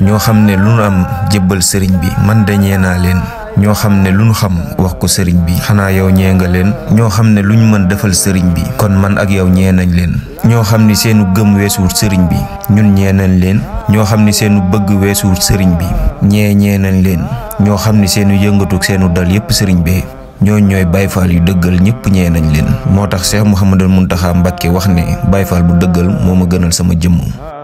ñoo xam ne lu nu am jébbal sëriñ bi man dañee naa leen ñoo xam ne lu nu xam wax ko sëriñ bi xanaa yow ñee nga leen ñoo xam ne lu ñu mën defal sëriñ bi kon man ak yow ñee nañ leen ñoo xam ni seenu gëm weesuwut sëriñ bi ñun ñee nañ leen ñoo xam ne seenu bëgg weesuwut sëriñ bi ñee ñee nañ leen ñoo xam ni seenu yëngatu seenu dal yépp sëriñ bee ñoo ñooy bayfaal yu dëggal ñëpp ñee nañ leen moo tax mu Cheikh Mouhamadul Mountakha Mbacké wax ne bayfaal bu dëggal moo ma gënal sama jëmm